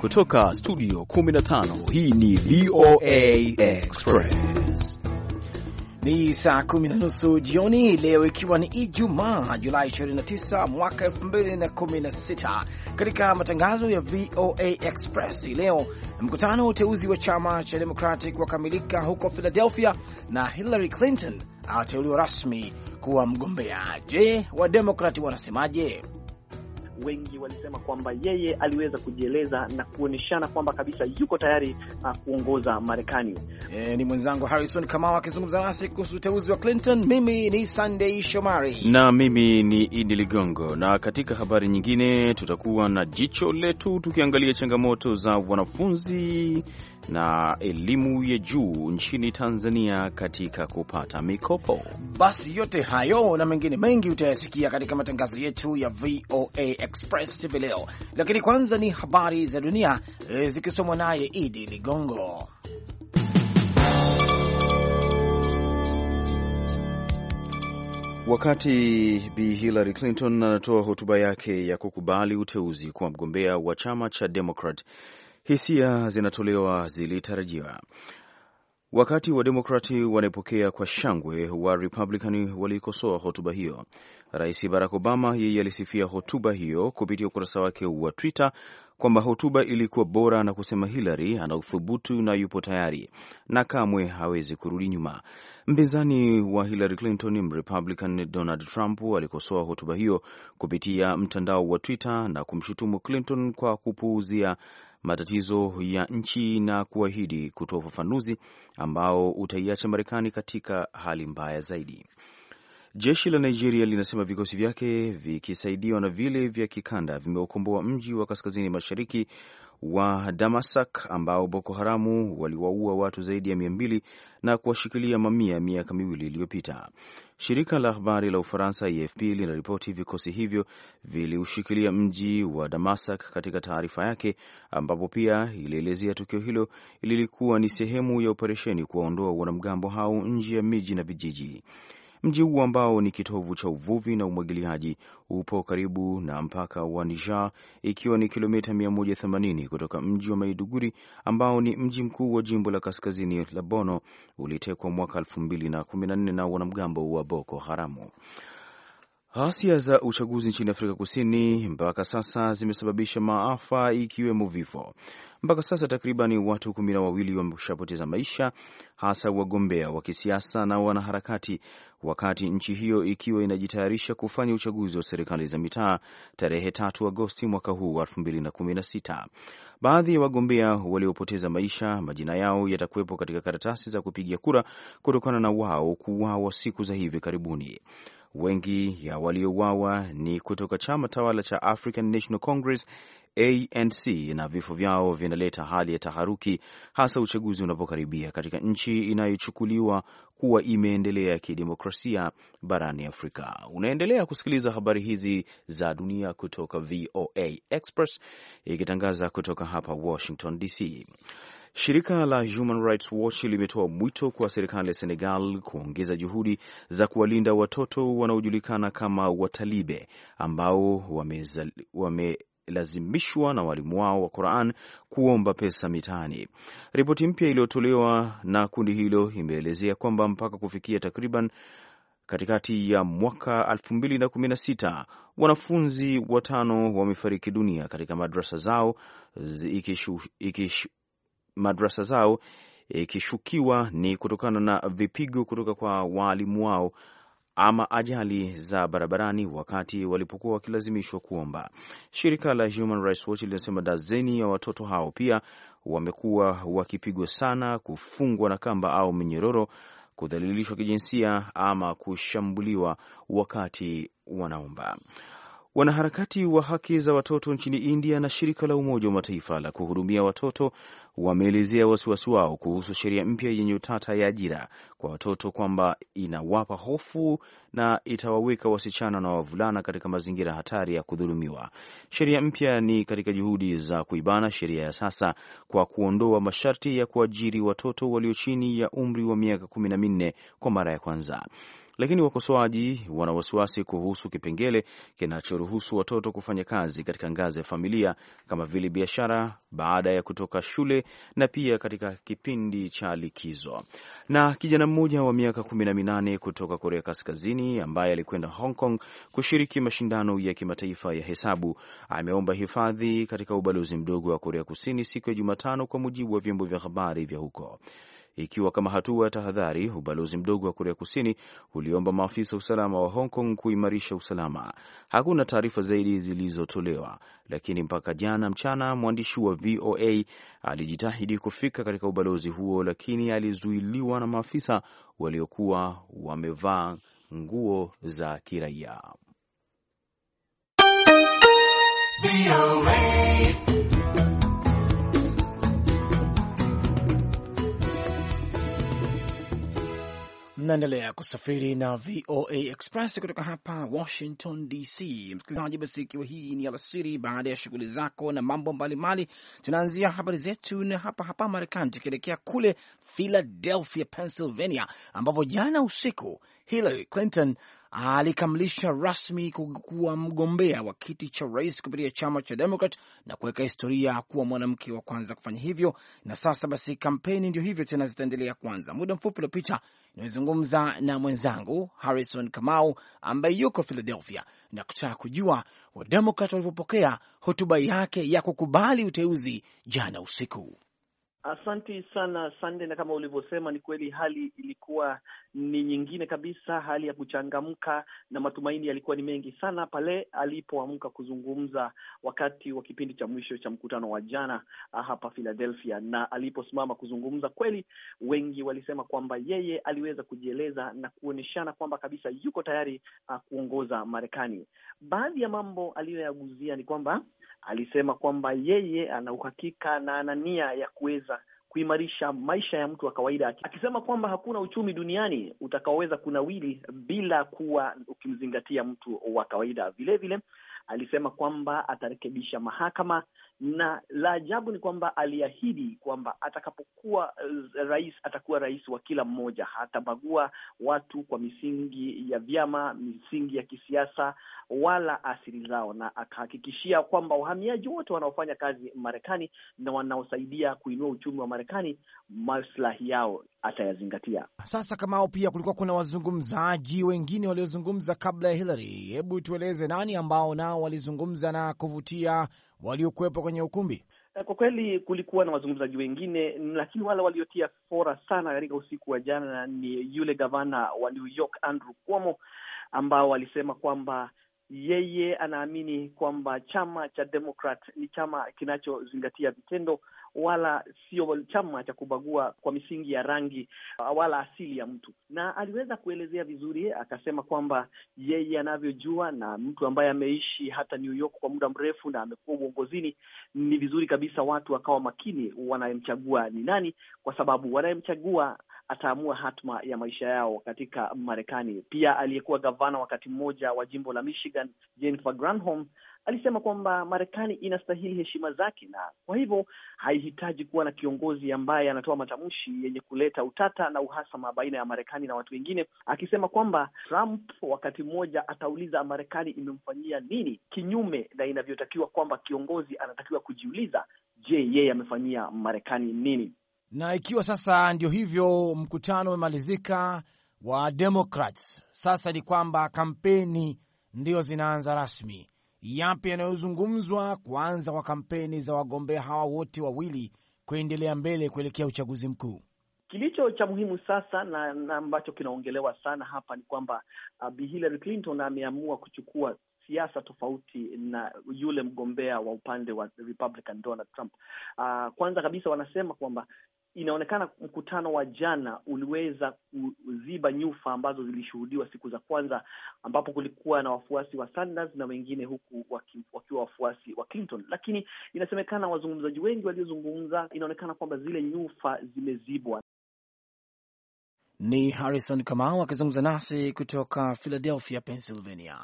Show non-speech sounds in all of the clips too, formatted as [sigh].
Kutoka studio 15 hii ni VOA Express. Ni saa kumi na nusu jioni leo, ikiwa ni Ijumaa Julai 29 mwaka 2016. Katika matangazo ya VOA Express leo, mkutano wa uteuzi wa chama cha Democratic wakamilika huko Philadelphia na Hillary Clinton ateuliwa rasmi kuwa mgombea. Je, Wademokrati wanasemaje? wengi walisema kwamba yeye aliweza kujieleza na kuonyeshana kwamba kabisa yuko tayari uh, kuongoza Marekani. E, ni mwenzangu Harrison Kamau akizungumza nasi kuhusu uteuzi wa Clinton. Mimi ni Sunday Shomari na mimi ni Idi Ligongo, na katika habari nyingine tutakuwa na jicho letu tukiangalia changamoto za wanafunzi na elimu ya juu nchini Tanzania katika kupata mikopo. Basi yote hayo na mengine mengi utayasikia katika matangazo yetu ya VOA Express hivi leo, lakini kwanza ni habari za dunia eh, zikisomwa naye Idi Ligongo. Wakati Bi Hillary Clinton anatoa hotuba yake ya kukubali uteuzi kwa mgombea wa chama cha Democrat hisia zinatolewa zilitarajiwa. Wakati wa demokrati wanapokea kwa shangwe, wa Republican waliikosoa hotuba hiyo. Rais Barack Obama yeye alisifia hotuba hiyo kupitia ukurasa wake wa Twitter kwamba hotuba ilikuwa bora na kusema Hillary ana uthubutu na yupo tayari na kamwe hawezi kurudi nyuma. Mpinzani wa Hillary Clinton, Mrepublican Donald Trump alikosoa hotuba hiyo kupitia mtandao wa Twitter na kumshutumu Clinton kwa kupuuzia matatizo ya nchi na kuahidi kutoa ufafanuzi ambao utaiacha Marekani katika hali mbaya zaidi. Jeshi la Nigeria linasema vikosi vyake vikisaidiwa na vile vya kikanda vimeokomboa mji wa kaskazini mashariki wa Damasak ambao Boko Haramu waliwaua watu zaidi ya mia mbili na kuwashikilia mamia miaka miwili iliyopita. Shirika la habari la Ufaransa AFP linaripoti vikosi hivyo viliushikilia mji wa Damasak katika taarifa yake, ambapo pia ilielezea tukio hilo lilikuwa ni sehemu ya operesheni kuwaondoa wanamgambo hao nje ya miji na vijiji. Mji huu ambao ni kitovu cha uvuvi na umwagiliaji upo karibu na mpaka wa Niger, ikiwa ni kilomita 180 kutoka mji wa Maiduguri ambao ni mji mkuu wa jimbo la kaskazini la Bono. Ulitekwa mwaka 2014 na wanamgambo wa Boko Haramu. Ghasia za uchaguzi nchini Afrika Kusini mpaka sasa zimesababisha maafa ikiwemo vifo. Mpaka sasa takriban watu kumi na wawili wameshapoteza maisha, hasa wagombea wa kisiasa na wanaharakati, wakati nchi hiyo ikiwa inajitayarisha kufanya uchaguzi wa serikali za mitaa tarehe tatu Agosti mwaka huu elfu mbili na kumi na sita. Baadhi ya wagombea waliopoteza maisha, majina yao yatakuwepo katika karatasi za kupigia kura kutokana na wao kuwawa siku za hivi karibuni. Wengi ya waliouawa ni kutoka chama tawala cha African National Congress ANC na vifo vyao vinaleta hali ya taharuki, hasa uchaguzi unapokaribia katika nchi inayochukuliwa kuwa imeendelea kidemokrasia barani Afrika. Unaendelea kusikiliza habari hizi za dunia kutoka VOA Express ikitangaza kutoka hapa Washington DC. Shirika la Human Rights Watch limetoa mwito kwa serikali ya Senegal kuongeza juhudi za kuwalinda watoto wanaojulikana kama watalibe ambao wamelazimishwa wame lazimishwa na walimu wao wa Quran kuomba pesa mitaani. Ripoti mpya iliyotolewa na kundi hilo imeelezea kwamba mpaka kufikia takriban katikati ya mwaka 2016 wanafunzi watano wamefariki dunia katika madrasa zao, ikishu, ikishu, madrasa zao ikishukiwa ni kutokana na vipigo kutoka kwa waalimu wao ama ajali za barabarani wakati walipokuwa wakilazimishwa kuomba. Shirika la Human Rights Watch linasema dazeni ya watoto hao pia wamekuwa wakipigwa sana, kufungwa na kamba au minyororo, kudhalilishwa kijinsia ama kushambuliwa wakati wanaomba. Wanaharakati wa haki za watoto nchini India na shirika la Umoja wa Mataifa la kuhudumia watoto wameelezea wasiwasi wao kuhusu sheria mpya yenye utata ya ajira kwa watoto kwamba inawapa hofu na itawaweka wasichana na wavulana katika mazingira hatari ya kudhulumiwa. Sheria mpya ni katika juhudi za kuibana sheria ya sasa kwa kuondoa masharti ya kuajiri watoto walio chini ya umri wa miaka kumi na minne kwa mara ya kwanza lakini wakosoaji wana wasiwasi kuhusu kipengele kinachoruhusu watoto kufanya kazi katika ngazi ya familia kama vile biashara baada ya kutoka shule na pia katika kipindi cha likizo. Na kijana mmoja wa miaka kumi na minane kutoka Korea Kaskazini ambaye alikwenda Hong Kong kushiriki mashindano ya kimataifa ya hesabu ameomba hifadhi katika ubalozi mdogo wa Korea Kusini siku ya Jumatano, kwa mujibu wa vyombo vya habari vya huko ikiwa kama hatua ya tahadhari. Ubalozi mdogo wa Korea Kusini uliomba maafisa usalama wa Hong Kong kuimarisha usalama. Hakuna taarifa zaidi zilizotolewa, lakini mpaka jana mchana mwandishi wa VOA alijitahidi kufika katika ubalozi huo, lakini alizuiliwa na maafisa waliokuwa wamevaa nguo za kiraia. Mnaendelea kusafiri na VOA Express kutoka hapa Washington DC, msikilizaji. Basi ikiwa hii ni alasiri, baada ya shughuli zako na mambo mbalimbali, tunaanzia habari zetu na hapa hapa Marekani, tukielekea kule Philadelphia, Pennsylvania, ambapo jana usiku Hillary Clinton alikamilisha rasmi kuwa mgombea wa kiti cha rais kupitia chama cha Demokrat na kuweka historia kuwa mwanamke wa kwanza kufanya hivyo. Na sasa basi, kampeni ndio hivyo tena zitaendelea kuanza. Muda mfupi uliopita nimezungumza na mwenzangu Harrison Kamau ambaye yuko Philadelphia na kutaka kujua Wademokrat walivyopokea hotuba yake ya kukubali uteuzi jana usiku. Asanti sana Sande, na kama ulivyosema, ni kweli hali ilikuwa ni nyingine kabisa, hali ya kuchangamka na matumaini yalikuwa ni mengi sana pale alipoamka kuzungumza wakati wa kipindi cha mwisho cha mkutano wa jana ah, hapa Philadelphia. Na aliposimama kuzungumza, kweli wengi walisema kwamba yeye aliweza kujieleza na kuonyeshana kwamba kabisa yuko tayari ah, kuongoza Marekani. Baadhi ya mambo aliyoyaguzia ni kwamba alisema kwamba yeye ana uhakika na ana nia ya kuweza kuimarisha maisha ya mtu wa kawaida, akisema kwamba hakuna uchumi duniani utakaoweza kunawili bila kuwa ukimzingatia mtu wa kawaida. Vilevile alisema kwamba atarekebisha mahakama na la ajabu ni kwamba aliahidi kwamba atakapokuwa eh, rais atakuwa rais wa kila mmoja, hatabagua watu kwa misingi ya vyama, misingi ya kisiasa wala asili zao, na akahakikishia kwamba wahamiaji wote wanaofanya kazi Marekani na wanaosaidia kuinua uchumi wa Marekani maslahi yao atayazingatia. Sasa kama ao pia kulikuwa kuna wazungumzaji wengine waliozungumza kabla ya Hillary. Hebu tueleze nani ambao nao walizungumza na kuvutia waliokuwepo kwenye ukumbi? Eh, kwa kweli kulikuwa na wazungumzaji wengine, lakini wale waliotia fora sana katika usiku wa jana ni yule gavana wa New York Andrew Cuomo, ambao walisema kwamba yeye anaamini kwamba chama cha Democrat ni chama kinachozingatia vitendo wala sio chama cha kubagua kwa misingi ya rangi uh, wala asili ya mtu, na aliweza kuelezea vizuri, akasema kwamba yeye anavyojua na mtu ambaye ameishi hata New York kwa muda mrefu na amekuwa uongozini, ni vizuri kabisa watu wakawa makini wanayemchagua ni nani, kwa sababu wanayemchagua ataamua hatma ya maisha yao katika Marekani. Pia aliyekuwa gavana wakati mmoja wa jimbo la Michigan, Jennifer Granholm alisema kwamba Marekani inastahili heshima zake na kwa hivyo haihitaji kuwa na kiongozi ambaye anatoa matamshi yenye kuleta utata na uhasama baina ya Marekani na watu wengine, akisema kwamba Trump wakati mmoja atauliza Marekani imemfanyia nini, kinyume na inavyotakiwa kwamba kiongozi anatakiwa kujiuliza, je, yeye amefanyia Marekani nini? na ikiwa sasa ndio hivyo, mkutano umemalizika wa Democrats, sasa ni kwamba kampeni ndio zinaanza rasmi. Yapi yanayozungumzwa kuanza kwa kampeni za wagombea hawa wote wawili kuendelea mbele kuelekea uchaguzi mkuu? Kilicho cha muhimu sasa na, ambacho kinaongelewa sana hapa ni kwamba uh, Bi Hillary Clinton ameamua kuchukua siasa tofauti na yule mgombea wa upande wa Republican Donald Trump. Uh, kwanza kabisa wanasema kwamba inaonekana mkutano wa jana uliweza kuziba nyufa ambazo zilishuhudiwa siku za kwanza, ambapo kulikuwa na wafuasi wa Sanders na wengine huku wakiwa wafuasi wa Clinton. Lakini inasemekana wazungumzaji wengi waliozungumza, inaonekana kwamba zile nyufa zimezibwa. Ni Harrison Kamau akizungumza nasi kutoka Philadelphia, Pennsylvania.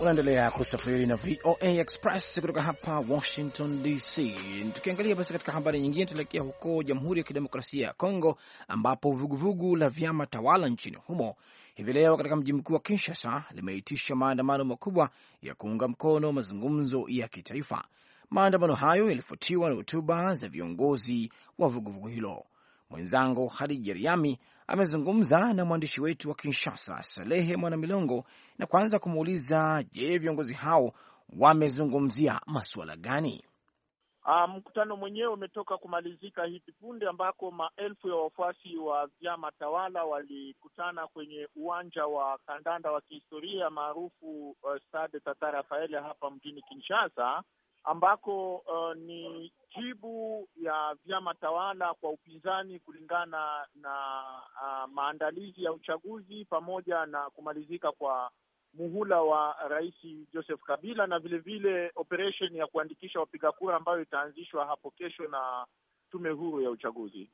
unaendelea kusafiri na VOA Express kutoka hapa Washington DC. Tukiangalia basi katika habari nyingine, tuelekea huko Jamhuri ya Kidemokrasia ya Kongo ambapo vuguvugu la vyama tawala nchini humo hivi leo katika mji mkuu wa Kinshasa limeitisha maandamano makubwa ya kuunga mkono mazungumzo ya kitaifa. Maandamano hayo yalifuatiwa na hotuba za viongozi wa vuguvugu hilo. Mwenzangu Hadija Riami amezungumza na mwandishi wetu wa Kinshasa, Salehe Mwanamilongo, na kwanza kumuuliza, je, viongozi hao wamezungumzia masuala gani? Ah, mkutano um, mwenyewe umetoka kumalizika hivi punde, ambako maelfu ya wafuasi wa vyama tawala walikutana kwenye uwanja wa kandanda wa kihistoria maarufu uh, Stade Tata Rafael hapa mjini Kinshasa ambako uh, ni jibu ya vyama tawala kwa upinzani kulingana na uh, maandalizi ya uchaguzi pamoja na kumalizika kwa muhula wa Rais Joseph Kabila na vilevile operesheni ya kuandikisha wapiga kura ambayo itaanzishwa hapo kesho na tume huru ya uchaguzi.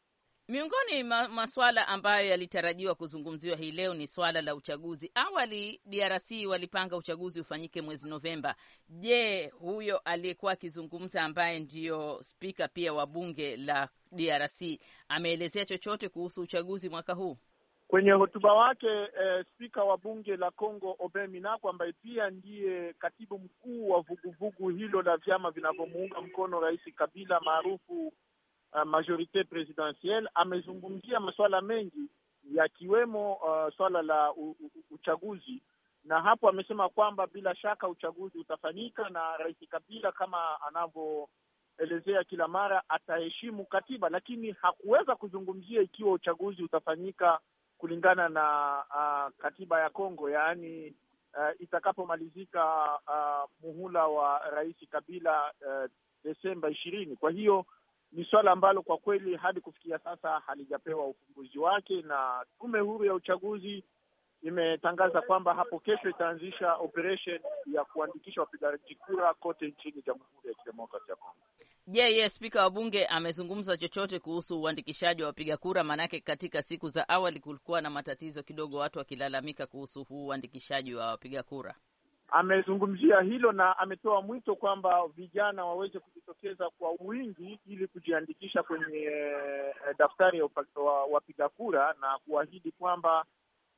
Miongoni mwa masuala ambayo yalitarajiwa kuzungumziwa hii leo ni swala la uchaguzi. Awali DRC walipanga uchaguzi ufanyike mwezi Novemba. Je, huyo aliyekuwa akizungumza ambaye ndiyo spika pia wa bunge la DRC ameelezea chochote kuhusu uchaguzi mwaka huu? Kwenye hotuba wake eh, spika wa bunge la Congo Obe Minaku ambaye pia ndiye katibu mkuu wa vuguvugu vugu hilo la vyama vinavyomuunga mkono Rais Kabila maarufu uh, majorite presidentielle amezungumzia masuala mengi yakiwemo uh, swala la u, u, uchaguzi na hapo amesema kwamba bila shaka uchaguzi utafanyika na Rais Kabila kama anavyoelezea kila mara ataheshimu katiba, lakini hakuweza kuzungumzia ikiwa uchaguzi utafanyika kulingana na uh, katiba ya Kongo, yaani uh, itakapomalizika uh, muhula wa Rais Kabila uh, Desemba ishirini. Kwa hiyo ni suala ambalo kwa kweli hadi kufikia sasa halijapewa ufumbuzi wake, na tume huru ya uchaguzi imetangaza kwamba hapo kesho itaanzisha operation ya kuandikisha wapigaji kura kote nchini Jamhuri ya Kidemokrasia ya Kongo. Je, yeah, yeah, spika wa bunge amezungumza chochote kuhusu uandikishaji wa wapiga kura? Maanake katika siku za awali kulikuwa na matatizo kidogo, watu wakilalamika kuhusu huu uandikishaji wa wapiga kura amezungumzia hilo na ametoa mwito kwamba vijana waweze kujitokeza kwa wingi ili kujiandikisha kwenye eh, daftari ya wapiga kura na kuahidi kwamba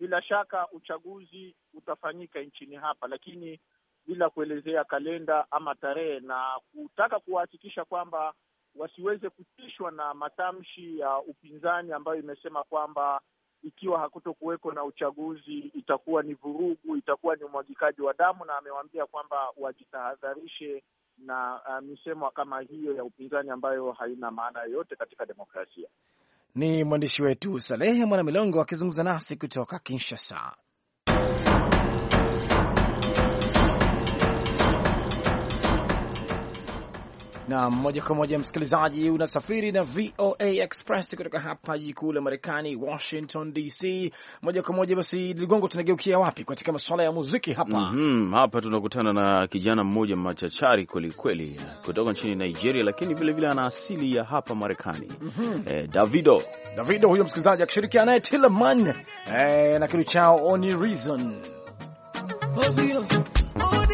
bila shaka uchaguzi utafanyika nchini hapa, lakini bila kuelezea kalenda ama tarehe, na kutaka kuwahakikisha kwamba wasiweze kutishwa na matamshi ya upinzani ambayo imesema kwamba ikiwa hakuto kuweko na uchaguzi itakuwa ni vurugu, itakuwa ni umwagikaji wa damu, na amewaambia kwamba wajitahadharishe na uh, misemo kama hiyo ya upinzani ambayo haina maana yoyote katika demokrasia. Ni mwandishi wetu Salehe Mwanamilongo akizungumza nasi kutoka Kinshasa. na moja kwa moja msikilizaji, unasafiri na VOA Express kutoka hapa jiji kuu la Marekani, Washington DC. Moja kwa moja basi, Ligongo, tunageukia wapi katika masuala ya muziki hapa? mm -hmm. Hapa tunakutana na kijana mmoja machachari kwelikweli kutoka nchini Nigeria, lakini vilevile ana asili ya hapa Marekani. mm -hmm. Eh, Davido, Davido huyo msikilizaji, akishirikiana naye Tillaman eh, na kitu chao Only Reason. Oh,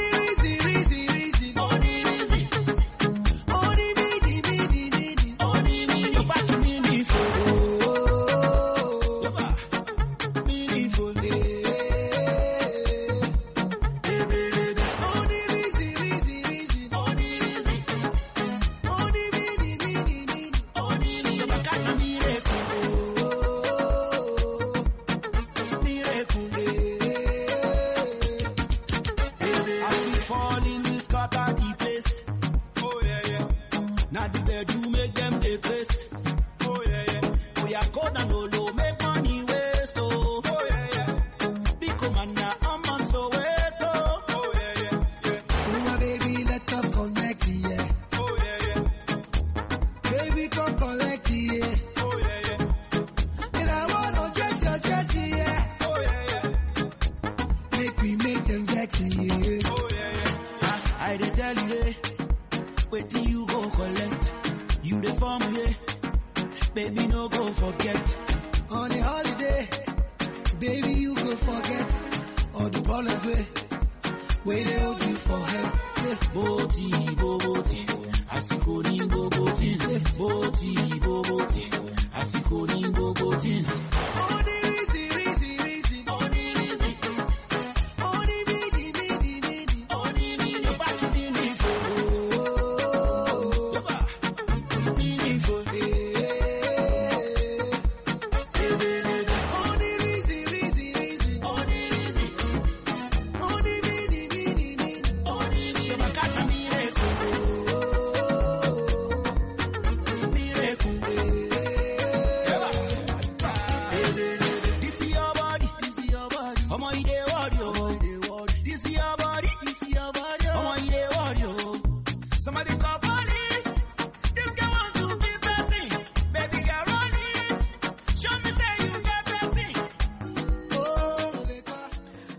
falling is cut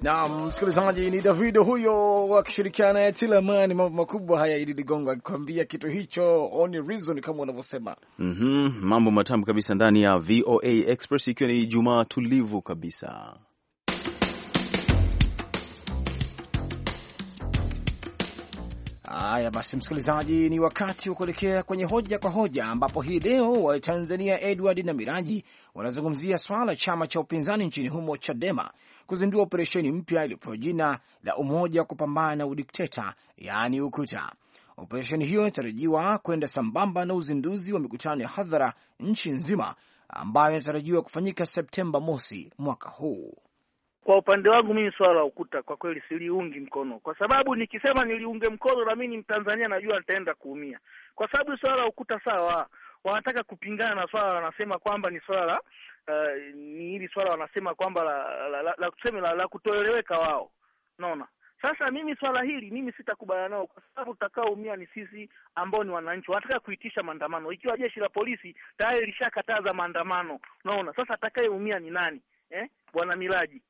Naam, msikilizaji ni Davido huyo akishirikiana na Tilamani. Mambo makubwa haya, Idi Ligongo akikwambia kitu hicho only reason kama unavyosema. mm -hmm. Mambo matamu kabisa ndani ya VOA Express, ikiwa ni Ijumaa tulivu kabisa. Haya basi, msikilizaji, ni wakati wa kuelekea kwenye hoja kwa hoja, ambapo hii leo Watanzania Edward na Miraji wanazungumzia swala la chama cha upinzani nchini humo Chadema kuzindua operesheni mpya iliyopewa jina la Umoja wa Kupambana na Udikteta, yaani UKUTA. Operesheni hiyo inatarajiwa kwenda sambamba na uzinduzi wa mikutano ya hadhara nchi nzima ambayo inatarajiwa kufanyika Septemba mosi mwaka huu. Kwa upande wangu mimi swala la ukuta kwa kweli siliungi mkono, kwa sababu nikisema niliunge mkono na mimi ni Mtanzania, najua nitaenda kuumia, kwa sababu swala la ukuta sawa, wanataka kupingana na swala, wanasema kwamba ni swala la uh, ni hili swala wanasema kwamba la la, la, la, tuseme la, la kutoeleweka wao, naona sasa mimi swala hili mimi sitakubaliana nao, kwa sababu tutakaoumia ni sisi ambao ni wananchi. Wanataka kuitisha maandamano, ikiwa jeshi la polisi tayari lishakataza maandamano, Naona Sasa atakayeumia ni nani eh? Bwana Miraji,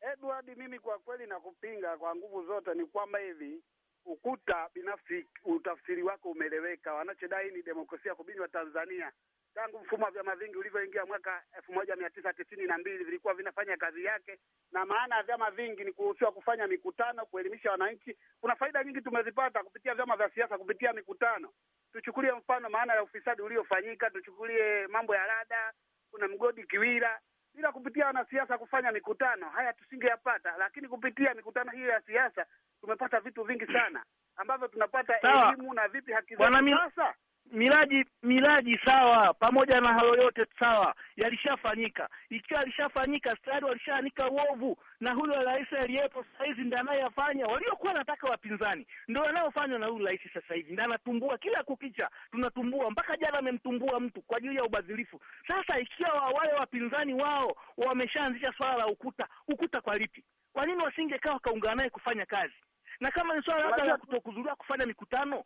Edward, mimi kwa kweli nakupinga kwa nguvu zote. Ni kwamba hivi ukuta binafsi, utafsiri wako umeleweka Wanachodai ni demokrasia kubinywa Tanzania tangu mfumo wa vyama vingi ulivyoingia mwaka elfu moja mia tisa tisini na mbili vilikuwa vinafanya kazi yake, na maana ya vyama vingi ni kuruhusiwa kufanya mikutano, kuelimisha wananchi. Kuna faida nyingi tumezipata kupitia vyama vya siasa, kupitia mikutano. Tuchukulie mfano maana ya ufisadi uliofanyika, tuchukulie mambo ya rada, kuna mgodi Kiwira bila kupitia wanasiasa kufanya mikutano haya tusingeyapata, lakini kupitia mikutano hiyo ya siasa tumepata vitu vingi sana ambavyo tunapata elimu na vipi haki sasa miraji miraji sawa, pamoja na hayo yote sawa, yalishafanyika. Ikiwa yalishafanyika stadi, walishaanika uovu, na huyo rais aliyepo sasa hivi ndiye anayefanya waliokuwa nataka wapinzani, ndio wanaofanywa na huyu rais sasa hivi, ndiye anatumbua kila kukicha, tunatumbua mpaka jana amemtumbua mtu kwa ajili ya ubadhilifu. Sasa ikiwa wale wapinzani wao wameshaanzisha swala la ukuta, ukuta kwa lipi? Kwa nini wasingekaa wakaungana naye kufanya kazi? na kama ni swala hata la kutokuzuria kufanya mikutano,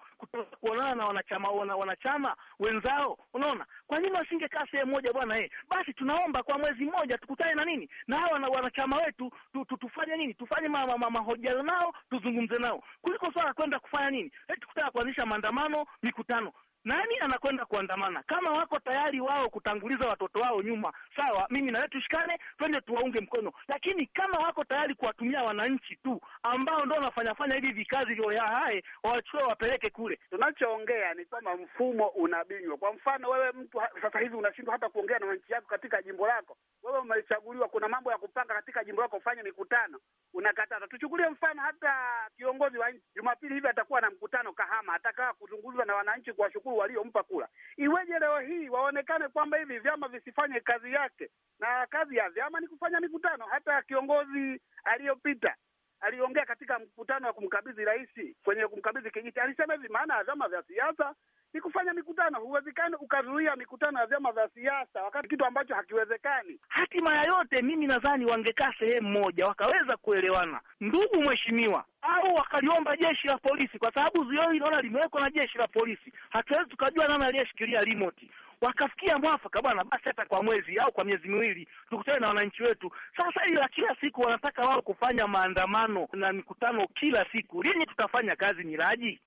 kuonana na wanachama wana, wanachama wenzao, unaona kwa nini wasingekaa sehemu moja bwana? Eh, basi tunaomba kwa mwezi mmoja tukutane na nini na hawa wanachama wetu tu, tu, tufanye nini tufanye mahojiano ma, ma, ma, nao tuzungumze nao kuliko swala kwenda kufanya nini eti eh, kutaka kuanzisha maandamano, mikutano nani anakwenda kuandamana? Kama wako tayari wao kutanguliza watoto wao nyuma, sawa, mimi na wewe tushikane, twende tuwaunge mkono. Lakini kama wako tayari kuwatumia wananchi tu ambao ndio wanafanyafanya hivi vikazi vyoyahae, wawachukue wapeleke kule. Tunachoongea ni kwamba mfumo unabinywa. Kwa mfano, wewe mtu sasa hivi unashindwa hata kuongea na wananchi yako katika jimbo lako. Wewe umechaguliwa, kuna mambo ya kupanga katika jimbo lako, ufanye mikutano, unakataza Tuchukulie mfano hata kiongozi wa nchi Jumapili hivi atakuwa na mkutano mfano Kahama atakaa kuzungumza na wananchi kuwashukuru waliompa kula. Iweje leo hii waonekane kwamba hivi vyama visifanye kazi yake, na kazi ya vyama ni kufanya mikutano. Hata kiongozi aliyopita aliongea katika mkutano wa kumkabidhi rais, kwenye kumkabidhi kijiti, alisema hivi, maana ya vyama vya siasa ni kufanya mikutano. Huwezekani ukazuia mikutano ya vyama vya siasa, wakati kitu ambacho hakiwezekani. Hatima ya yote, mimi nadhani wangekaa sehemu moja wakaweza kuelewana, ndugu mheshimiwa, au wakaliomba jeshi la polisi, kwa sababu zuio hili naona limewekwa na jeshi la polisi. Hatuwezi tukajua nani aliyeshikilia remote wakafikia mwafaka bwana, basi hata kwa mwezi au kwa miezi miwili tukutane na wananchi wetu. Sasa hili la kila siku wanataka wao kufanya maandamano na mikutano kila siku, lini tutafanya kazi miraji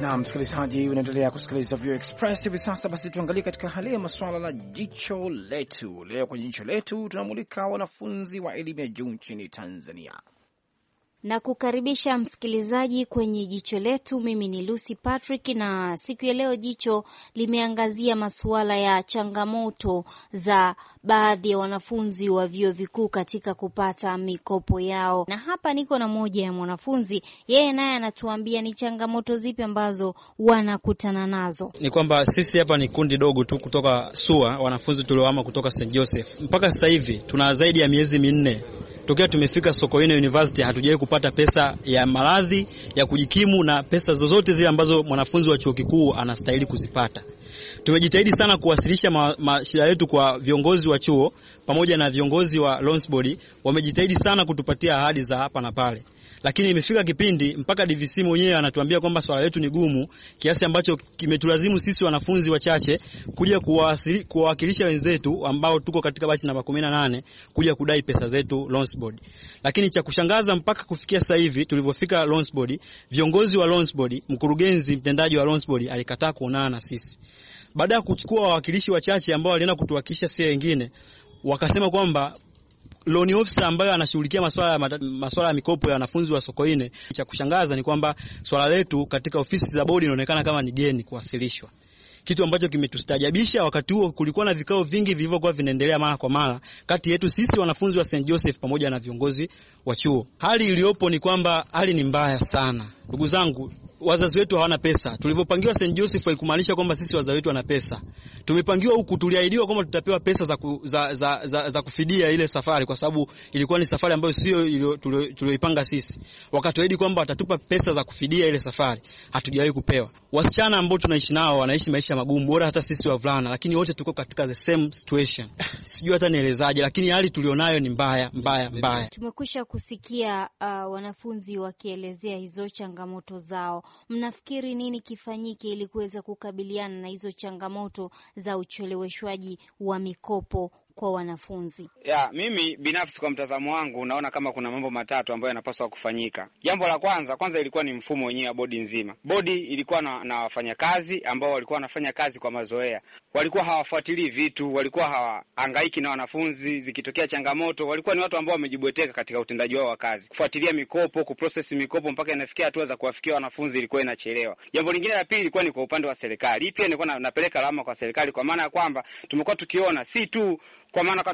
na msikilizaji, unaendelea kusikiliza View Express hivi sasa. Basi tuangalie katika hali ya masuala la jicho letu leo. Kwenye jicho letu tunamulika wanafunzi wa elimu ya juu nchini Tanzania na kukaribisha msikilizaji kwenye jicho letu. Mimi ni Lucy Patrick, na siku ya leo jicho limeangazia masuala ya changamoto za baadhi ya wanafunzi wa vyuo vikuu katika kupata mikopo yao, na hapa niko na moja ya mwanafunzi, yeye naye anatuambia ni changamoto zipi ambazo wanakutana nazo. Ni kwamba sisi hapa ni kundi dogo tu kutoka SUA, wanafunzi tuliohama kutoka St Joseph. Mpaka sasa hivi tuna zaidi ya miezi minne tokea tumefika Sokoine University hatujawahi kupata pesa ya maradhi ya kujikimu na pesa zozote zile ambazo mwanafunzi wa chuo kikuu anastahili kuzipata. Tumejitahidi sana kuwasilisha mashida yetu kwa viongozi wa chuo pamoja na viongozi wa Lonsbury, wamejitahidi sana kutupatia ahadi za hapa na pale lakini imefika kipindi mpaka DVC mwenyewe anatuambia kwamba swala letu ni gumu kiasi ambacho kimetulazimu sisi wanafunzi wachache kuja kuwawakilisha wenzetu ambao tuko katika bachi namba 18 kuja kudai pesa zetu Loans Board. Lakini cha kushangaza mpaka kufikia sasa hivi tulivyofika Loans Board, viongozi wa Loans Board, mkurugenzi mtendaji wa Loans Board alikataa kuonana na sisi. Baada ya kuchukua wawakilishi wachache ambao walienda kutuwakilisha sisi wengine, wakasema kwamba loan officer ambayo anashughulikia masuala masuala ya mikopo ya wanafunzi wa Sokoine. Cha kushangaza ni kwamba swala letu katika ofisi za bodi inaonekana kama ni geni kuwasilishwa, kitu ambacho kimetustajabisha. Wakati huo kulikuwa na vikao vingi vilivyokuwa vinaendelea mara kwa mara kati yetu sisi wanafunzi wa St Joseph pamoja na viongozi wa chuo. Hali iliyopo ni kwamba hali ni mbaya sana. Ndugu zangu, wazazi wetu hawana pesa. Tulivyopangiwa St Joseph haikumaanisha kwamba sisi wazazi wetu wana pesa. Tumepangiwa huku, tuliahidiwa kwamba tutapewa pesa za, ku, za, za, za, za kufidia ile safari, kwa sababu ilikuwa ni safari ambayo sio tulioipanga sisi. Wakatuahidi kwamba watatupa pesa za kufidia ile safari, hatujawahi kupewa. Wasichana ambao tunaishi nao wanaishi maisha magumu, bora hata sisi wavulana, lakini wote tuko katika the same situation. [laughs] Sijui hata nielezaje, lakini hali tulionayo ni mbaya mbaya mbaya. Tumekwisha kusikia uh, wanafunzi wakielezea hizo changa changamoto zao. Mnafikiri nini kifanyike ili kuweza kukabiliana na hizo changamoto za ucheleweshwaji wa mikopo kwa wanafunzi? Ya, mimi binafsi kwa mtazamo wangu naona kama kuna mambo matatu ambayo yanapaswa kufanyika. Jambo la kwanza kwanza ilikuwa ni mfumo wenyewe wa bodi nzima. Bodi ilikuwa na, na wafanyakazi ambao walikuwa wanafanya kazi kwa mazoea, walikuwa hawafuatilii vitu, walikuwa hawaangaiki na wanafunzi. Zikitokea changamoto, walikuwa ni watu ambao wamejibweteka katika utendaji wao wa kazi. Kufuatilia mikopo, kuprocess mikopo mpaka inafikia hatua za kuwafikia wanafunzi ilikuwa inachelewa. Jambo lingine la pili ilikuwa ni kwa upande wa serikali. Hii pia nilikuwa napeleka lawama kwa serikali, kwa maana ya kwamba tumekuwa tukiona si tu kwa maana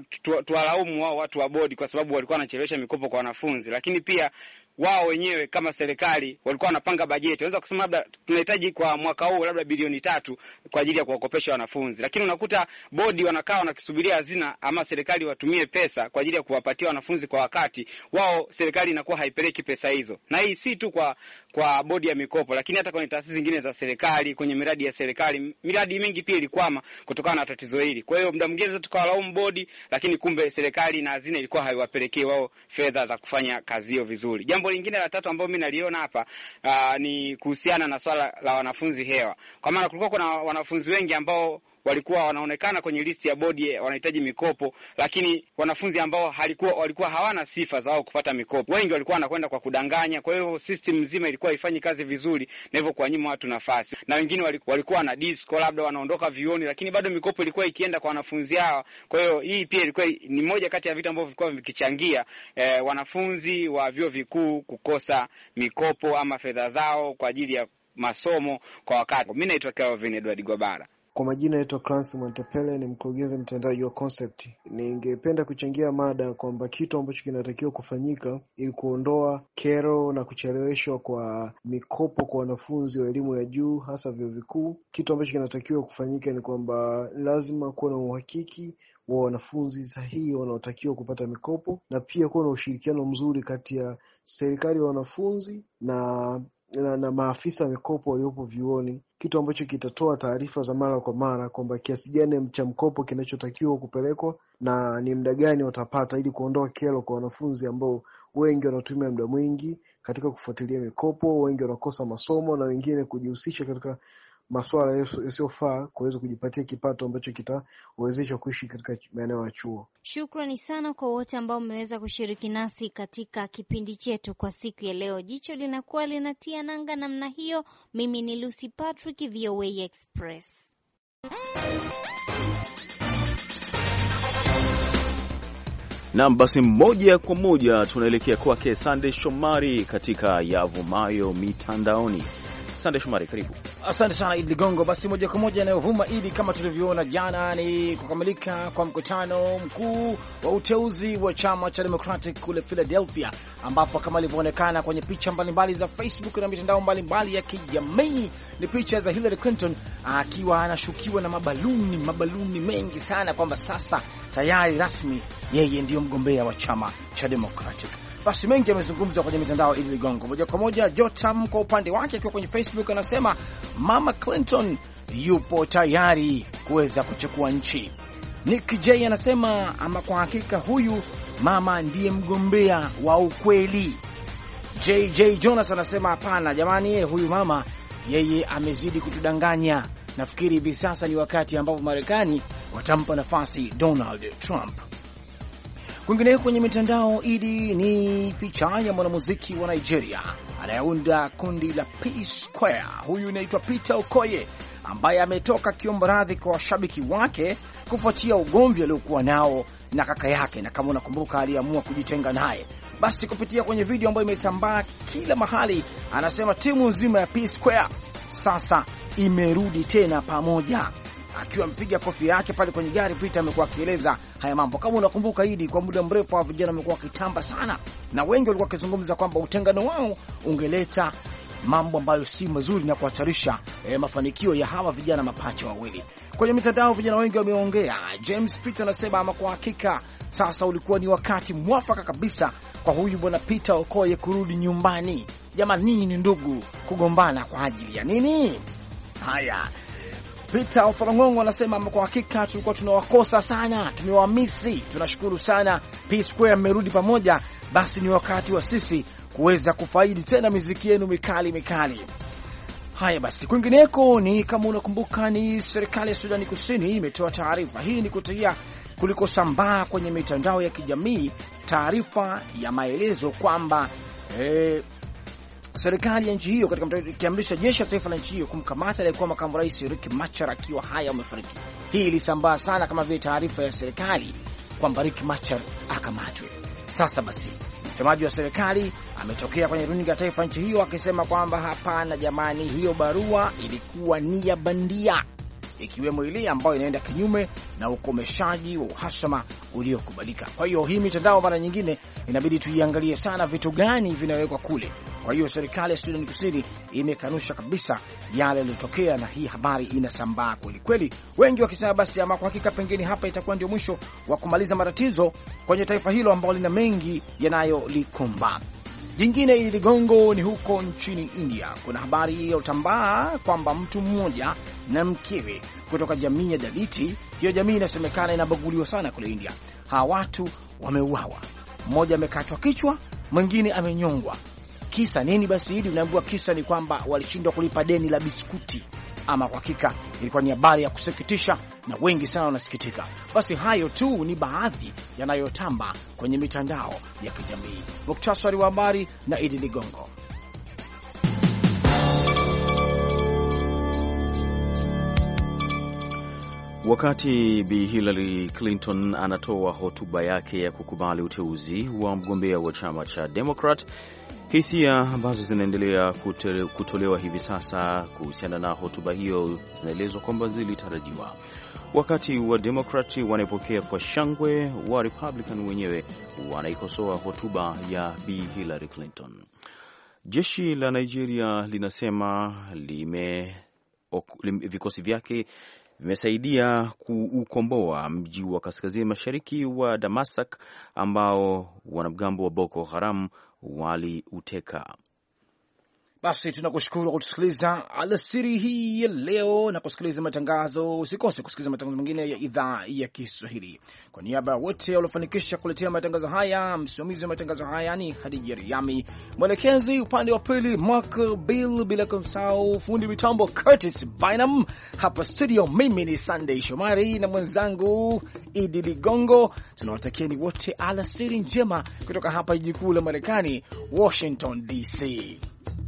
tuwalaumu wao watu wa bodi kwa sababu walikuwa wanachelewesha mikopo kwa wanafunzi, lakini pia wao wenyewe kama serikali walikuwa wanapanga bajeti, waweza kusema labda tunahitaji kwa mwaka huu labda bilioni tatu kwa ajili ya kuwakopesha wanafunzi, lakini unakuta bodi wanakaa wanakisubiria hazina ama serikali watumie pesa kwa ajili ya kuwapatia wanafunzi kwa wakati wao. Serikali inakuwa haipeleki pesa hizo, na hii si tu kwa kwa bodi ya mikopo, lakini hata kwenye taasisi zingine za serikali, kwenye miradi ya serikali, miradi mingi pia ilikwama kutokana na tatizo hili. Kwa hiyo muda mwingine tukawalaumu bodi, lakini kumbe serikali na hazina ilikuwa haiwapelekei wao fedha za kufanya kazi hiyo vizuri. Jambo lingine la tatu ambalo mimi naliona hapa uh, ni kuhusiana na swala la wanafunzi hewa, kwa maana kulikuwa kuna wanafunzi wengi ambao walikuwa wanaonekana kwenye listi ya bodi eh, wanahitaji mikopo, lakini wanafunzi ambao halikuwa walikuwa hawana sifa zao kupata mikopo, wengi walikuwa wanakwenda kwa kudanganya. Kwa hiyo system nzima ilikuwa haifanyi kazi vizuri, na hivyo kuwanyima watu nafasi, na wengine walikuwa na disco labda wanaondoka vioni, lakini bado mikopo ilikuwa ikienda kwa wanafunzi hao. Kwa hiyo hii pia ilikuwa ni moja kati ya vitu ambavyo vilikuwa vikichangia eh, wanafunzi wa vyuo vikuu kukosa mikopo ama fedha zao kwa ajili ya masomo kwa wakati. Mimi naitwa Kelvin Edward Gobara. Kwa majina yetu Clancy Mwantepele, ni mkurugenzi mtendaji wa Concept. Ningependa kuchangia mada kwamba kitu ambacho kinatakiwa kufanyika ili kuondoa kero na kucheleweshwa kwa mikopo kwa wanafunzi wa elimu ya juu hasa vyuo vikuu, kitu ambacho kinatakiwa kufanyika ni kwamba lazima kuwa na uhakiki wa wanafunzi sahihi wanaotakiwa kupata mikopo na pia kuwa na ushirikiano mzuri kati ya serikali ya wanafunzi na na, na maafisa wa mikopo waliopo vyuoni, kitu ambacho kitatoa taarifa za mara kwa mara kwamba kiasi gani cha mkopo kinachotakiwa kupelekwa na ni muda gani watapata, ili kuondoa kero kwa wanafunzi ambao wengi wanatumia muda mwingi katika kufuatilia mikopo, wengi wanakosa masomo na wengine kujihusisha katika masuala yasiyofaa kuweza kujipatia kipato ambacho kitawezeshwa kuishi katika maeneo ya chuo. Shukrani sana kwa wote ambao mmeweza kushiriki nasi katika kipindi chetu kwa siku ya leo. Jicho linakuwa linatia nanga namna hiyo. Mimi ni Lucy Patrick, VOA Express. Nam, basi moja kwa moja tunaelekea kwake sande Shomari katika yavumayo mitandaoni. Sande Shumari, karibu. Asante sana Idi Ligongo. Basi moja kwa moja yanayovuma Idi, kama tulivyoona jana, ni kukamilika kwa mkutano mkuu wa uteuzi wa chama cha Democratic kule Philadelphia, ambapo kama ilivyoonekana kwenye picha mbalimbali za Facebook na mitandao mbalimbali ya kijamii ni picha za Hillary Clinton akiwa anashukiwa na mabaluni, mabaluni mengi sana, kwamba sasa tayari rasmi yeye ndiyo mgombea wa chama cha Democratic. Basi mengi yamezungumzwa kwenye mitandao ili ligongo moja kwa moja. Jotam kwa upande wake akiwa kwenye Facebook anasema Mama Clinton yupo tayari kuweza kuchukua nchi. Nick J anasema ama kwa hakika huyu mama ndiye mgombea wa ukweli. JJ Jonas anasema hapana jamani, ye huyu mama yeye amezidi kutudanganya. Nafikiri hivi sasa ni wakati ambapo Marekani watampa nafasi Donald Trump. Kwingineko kwenye mitandao idi ni picha ya mwanamuziki wa Nigeria anayeunda kundi la P Square. Huyu inaitwa Peter Okoye ambaye ametoka kiomba radhi kwa washabiki wake kufuatia ugomvi aliokuwa nao na kaka yake, na kama unakumbuka, aliamua kujitenga naye. Basi kupitia kwenye video ambayo imetambaa kila mahali, anasema timu nzima ya P Square sasa imerudi tena pamoja akiwa mpiga kofia yake pale kwenye gari. pita, amekuwa akieleza haya mambo, kama unakumbuka Idi, kwa muda mrefu hawa vijana wamekuwa wakitamba sana, na wengi walikuwa wakizungumza kwamba utengano wao ungeleta mambo ambayo si mazuri na kuhatarisha eh, mafanikio ya hawa vijana mapacha wawili. Kwenye mitandao vijana wengi wameongea. James Peter anasema ama kwa hakika sasa ulikuwa ni wakati mwafaka kabisa kwa huyu bwana Peter Okoye kurudi nyumbani. Jamani, ninyi ni ndugu, kugombana kwa ajili ya nini? Haya, Peter Ofarongongo anasema kwa hakika tulikuwa tunawakosa sana, tumewamisi. Tunashukuru sana P Square, mmerudi pamoja. Basi ni wakati wa sisi kuweza kufaidi tena miziki yenu mikali mikali. Haya basi, kwingineko ni kama unakumbuka, ni serikali ya Sudani Kusini imetoa taarifa hii, ni kutia kulikosambaa kwenye mitandao ya kijamii taarifa ya maelezo kwamba eh, serikali ya nchi hiyo katika ikiamrisha jeshi la taifa la nchi hiyo kumkamata aliyekuwa makamu rais Riek Machar akiwa haya amefariki. Hii ilisambaa sana kama vile taarifa ya serikali kwamba Riek Machar akamatwe. Sasa basi, msemaji wa serikali ametokea kwenye runinga ya taifa nchi hiyo akisema kwamba hapana, jamani, hiyo barua ilikuwa ni ya bandia, ikiwemo ile ambayo inaenda kinyume na ukomeshaji wa uhasama uliokubalika. Kwa hiyo hii mitandao mara nyingine inabidi tuiangalie sana, vitu gani vinawekwa kule kwa hiyo serikali ya Sudani Kusini imekanusha kabisa yale yaliyotokea, na hii habari inasambaa kwelikweli, wengi wakisema basi, ama kwa hakika pengine hapa itakuwa ndio mwisho wa kumaliza matatizo kwenye taifa hilo ambalo lina mengi yanayolikumba. Jingine ili ligongo ni huko nchini India. Kuna habari utambaa kwamba mtu mmoja na mkewe kutoka jamii ya Daliti, hiyo jamii inasemekana inabaguliwa sana kule India. Hawa watu wameuawa, mmoja amekatwa kichwa, mwingine amenyongwa. Kisa nini? Basi hili unaambiwa kisa ni kwamba walishindwa kulipa deni la biskuti. Ama kwa hakika ilikuwa ni habari ya kusikitisha na wengi sana wanasikitika. Basi hayo tu ni baadhi yanayotamba kwenye mitandao ya kijamii. Muktasari wa habari na Idi Ligongo. Wakati Bi Hillary Clinton anatoa hotuba yake ya kukubali uteuzi wa mgombea wa chama cha demokrat Hisia ambazo zinaendelea kutolewa hivi sasa kuhusiana na hotuba hiyo zinaelezwa kwamba zilitarajiwa, wakati wa Demokrati wanaipokea kwa shangwe, wa Republican wenyewe wanaikosoa hotuba ya Bi Hillary Clinton. Jeshi la Nigeria linasema lime, ok, lim, vikosi vyake vimesaidia kuukomboa mji wa kaskazini mashariki wa Damasak ambao wanamgambo wa Boko Haram waliuteka. Basi tunakushukuru kutusikiliza alasiri hii ya leo na kusikiliza matangazo. Usikose kusikiliza matangazo mengine ya idhaa ya Kiswahili. Kwa niaba ya wote waliofanikisha kuletea matangazo haya, msimamizi wa matangazo haya ni Hadija Riami, mwelekezi upande wa pili Mark Bill, bila kumsahau fundi mitambo Curtis Bynam. Hapa studio, mimi ni Sandey Shomari na mwenzangu Idi Ligongo. Tunawatakieni wote alasiri njema kutoka hapa jiji kuu la Marekani, Washington DC.